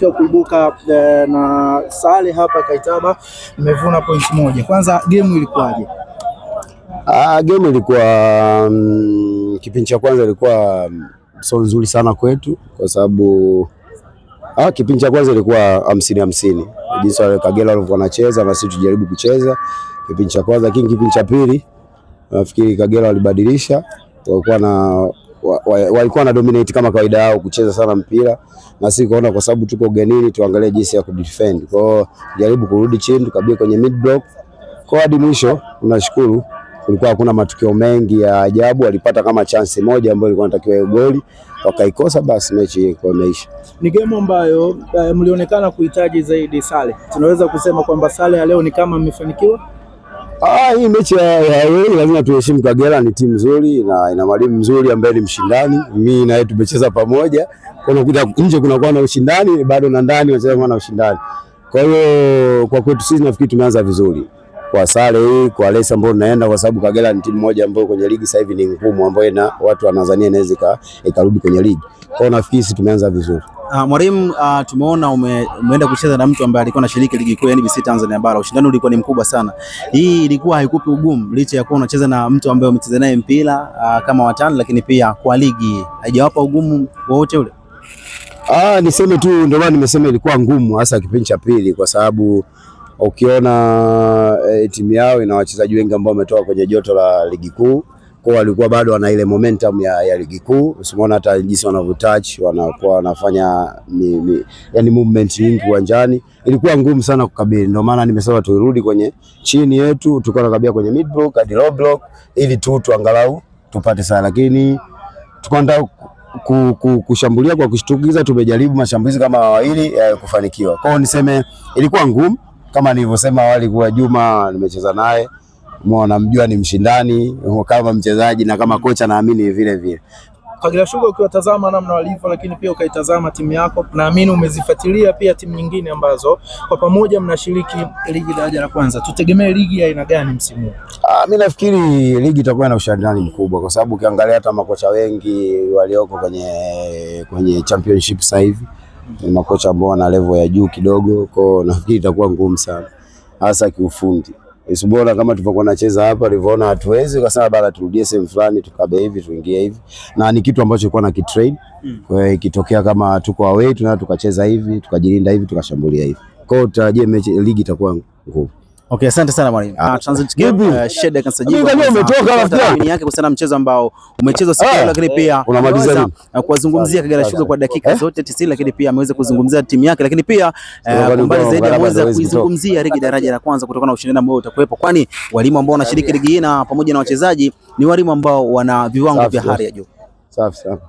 Nimefanikiwa kuibuka e, na sare hapa Kaitaba, nimevuna point moja. Kwanza game ilikuwaje? Ah, game ilikuwa mm, kipindi cha kwanza ilikuwa mm, so nzuri sana kwetu kwa sababu ah, kipindi cha kwanza ilikuwa hamsini hamsini, jinsi wale Kagera walivyokuwa wanacheza na sisi tujaribu kucheza kipindi cha kwanza, lakini kipindi cha pili nafikiri Kagera walibadilisha, walikuwa na walikuwa wa, wa na dominate kama kawaida yao kucheza sana mpira, na sisi kaona kwa sababu tuko ugenini, tuangalie jinsi ya kudefend. Kwa hiyo jaribu kurudi chini, tukabie kwenye mid block kwa hadi mwisho. Tunashukuru kulikuwa hakuna matukio mengi ya ajabu, walipata kama chance moja ambayo ilikuwa inatakiwa hiyo goli wakaikosa, basi mechi ilikuwa imeisha. Ni game ambayo uh, mlionekana kuhitaji zaidi sare. Tunaweza kusema kwamba sare ya leo ni kama imefanikiwa Ah, hii mechi ya wewe lazima tuheshimu. Kagera ni timu nzuri na ina mwalimu mzuri ambaye ni mshindani. Mimi na yeye tumecheza pamoja, unakuta nje kunakuwa na ushindani bado na ndani wanacheza na ushindani. Kwa hiyo kwa kwetu sisi nafikiri tumeanza vizuri kwa sare hii kwa lesa ambayo tunaenda, kwa sababu Kagera ni timu moja ambayo kwenye ligi sasa hivi ni ngumu, ambayo na watu wa Tanzania inaweza ikarudi kwenye ligi. Kwa hiyo nafikiri sisi tumeanza vizuri. Uh, mwalimu uh, tumeona ume, umeenda kucheza na mtu ambaye alikuwa anashiriki ligi kuu ya NBC Tanzania bara. Ushindani ulikuwa ni mkubwa sana. Hii ilikuwa haikupi ugumu licha ya kuwa unacheza na mtu ambaye umecheza naye mpira uh, kama watani, lakini pia kwa ligi haijawapa ugumu wowote ule? Ah, niseme tu ndio maana nimesema ilikuwa ngumu hasa kipindi cha pili kwa sababu Ukiona e, timu yao ina wachezaji wengi ambao wametoka kwenye joto la ligi kuu, kwa walikuwa bado wana ile momentum ya, ya ligi kuu. Usimwona hata jinsi wanavyotouch, wanakuwa wanafanya ni, ni, yani movement nyingi uwanjani, ilikuwa ngumu sana kukabili. Ndio maana nimesema tuirudi kwenye chini yetu, tulikuwa tunakabia kwenye mid block hadi low block ili tu tuangalau tupate sana, lakini tukaenda ku, ku, kushambulia kwa kushtukiza. Tumejaribu mashambulizi kama mawili ya eh, kufanikiwa. kwao, niseme ilikuwa ngumu kama nilivyosema awali kuwa Juma nimecheza naye namjua ni mshindani kama mchezaji na kama kocha, naamini vile vile. Kwa bila shaka ukiwatazama namna walivyo, lakini pia ukaitazama timu yako, naamini umezifuatilia pia timu nyingine ambazo kwa pamoja mnashiriki ligi daraja la kwanza. Tutegemee ligi ya aina gani msimu huu? Ah, mimi nafikiri ligi itakuwa na ushindani mkubwa, kwa sababu ukiangalia hata makocha wengi walioko kwenye kwenye championship sasa hivi ni makocha ambao wana level ya juu kidogo, kwao nafikiri itakuwa ngumu sana, hasa kiufundi. Isibora kama tulivyokuwa nacheza hapa, alivyoona hatuwezi, ukasema bala turudie sehemu fulani, tukabe hivi tuingie hivi, na ni kitu ambacho ilikuwa na kitrain. Kwa hiyo ikitokea kama tuko away, tunaweza tukacheza hivi, tukajilinda hivi, tukashambulia hivi. hiyo tutarajie mechi, ligi itakuwa ngumu. Okay, asante sana mwalimu. Ah, ah Transit Cup eh, Sheda Kansajibu. Umetoka rafiki yake kuhusiana na mchezo ambao umechezwa siku hiyo, ah. lakini pia eh, unamaliza nini? Eh, kuwazungumzia Kagera Sugar kwa dakika zote 90, lakini pia ameweza kuzungumzia timu yake, lakini pia mbali zaidi ameweza kuizungumzia ligi daraja la kwanza kutokana na ushindani ambao utakuwepo, kwani walimu ambao wanashiriki ligi hii na pamoja na wachezaji ni walimu ambao wana viwango vya hali ya juu. Safi sana.